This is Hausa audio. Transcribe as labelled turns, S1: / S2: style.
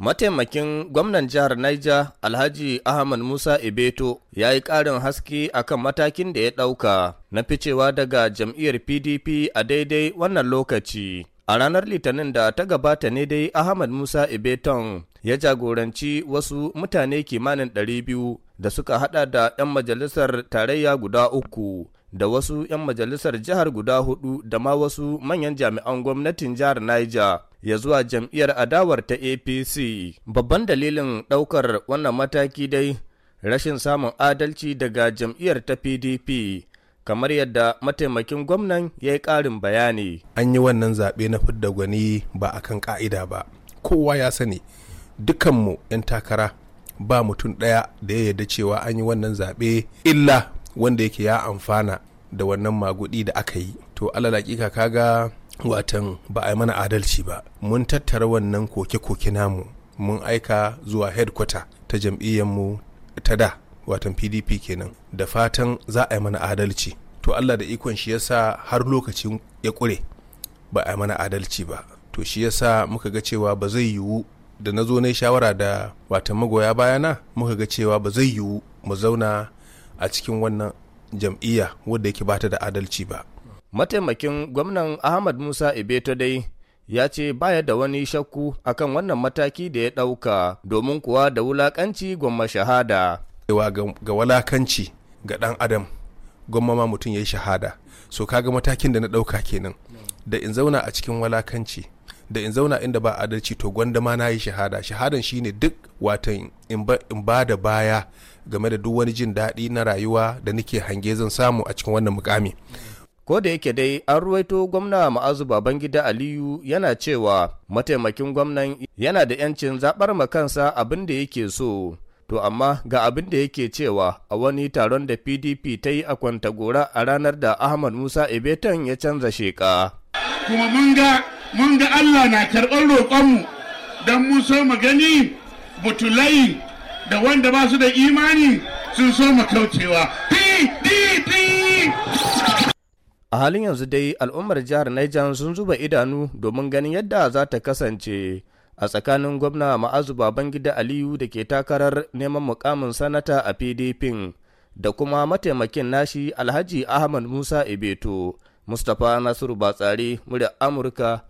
S1: Mataimakin gwamnan jihar Niger Alhaji Ahmad Musa Ibeto ya yi ƙarin haske akan matakin da ya ɗauka na ficewa daga jam'iyyar PDP a daidai wannan lokaci. A ranar Litinin da ta gabata ne dai Ahmad Musa Ibeton ya jagoranci wasu mutane kimanin 200 da suka hada da 'yan majalisar tarayya guda uku da wasu 'yan majalisar jihar guda hudu da ma wasu manyan jami'an gwamnatin jihar Niger ya zuwa jam'iyyar adawar ta APC. Babban dalilin ɗaukar wannan mataki dai rashin samun adalci daga jam'iyyar ta PDP. kamar yadda mataimakin gwamnan ya yi ƙarin
S2: bayani. An yi wannan zaɓe na fidda gwani ba a kan ƙa'ida ba, kowa ya sani dukanmu 'yan takara ba mutum ɗaya da ya yarda cewa an yi wannan zaɓe illa wanda yake ya amfana da wannan magudi da aka yi to alalakika kaga watan ba a yi mana adalci ba mun tattara wannan koke-koke namu mun aika zuwa headquarter ta jam'iyyarmu ta da watan pdp kenan da fatan za a yi mana adalci to allah da ikon shi yasa har lokacin ya kure ba a yi mana adalci ba to shi yasa muka ga cewa ba zai yiwu da na zo na shawara da watan magoya bayana muka ga cewa ba zai yiwu mu zauna a cikin wannan jam'iyya wadda yake bata da adalci ba.
S1: Mataimakin gwamnan Ahmad Musa Ibeto dai ya ce baya da wani shakku akan wannan mataki da ya ɗauka domin kuwa da wulakanci gwamma shahada.
S2: Ga wulakanci ga ɗan adam gwamma ma mutum ya yi shahada so kaga matakin da na ɗauka kenan da in zauna a cikin wulakanci da in zauna inda ba adalci to gwanda ma na yi shahada shahadan shine duk watan in ba da baya game da duk wani jin daɗi na rayuwa da nake hange zan samu a cikin wannan mukami ko da yake dai an ruwaito
S1: gwamna ma'azu babangida aliyu yana cewa mataimakin gwamnan yana da 'yancin zaɓar ma kansa abin da yake so to amma ga abin da yake cewa a wani taron da pdp ta yi a gora a ranar da ahmad musa ebeton ya canza sheka
S2: kuma mun ga mun ga Allah na karɓar roƙonmu don mun so mu gani butulai da wanda ba su da imani sun so mu kaucewa
S1: a halin yanzu dai al'ummar jihar Niger sun zuba idanu domin ganin yadda za ta kasance a tsakanin gwamna ma'azu babangida aliyu da ke takarar neman mukamin sanata a pdp da kuma mataimakin nashi alhaji ahmad musa ibeto mustapha nasiru batsari murya amurka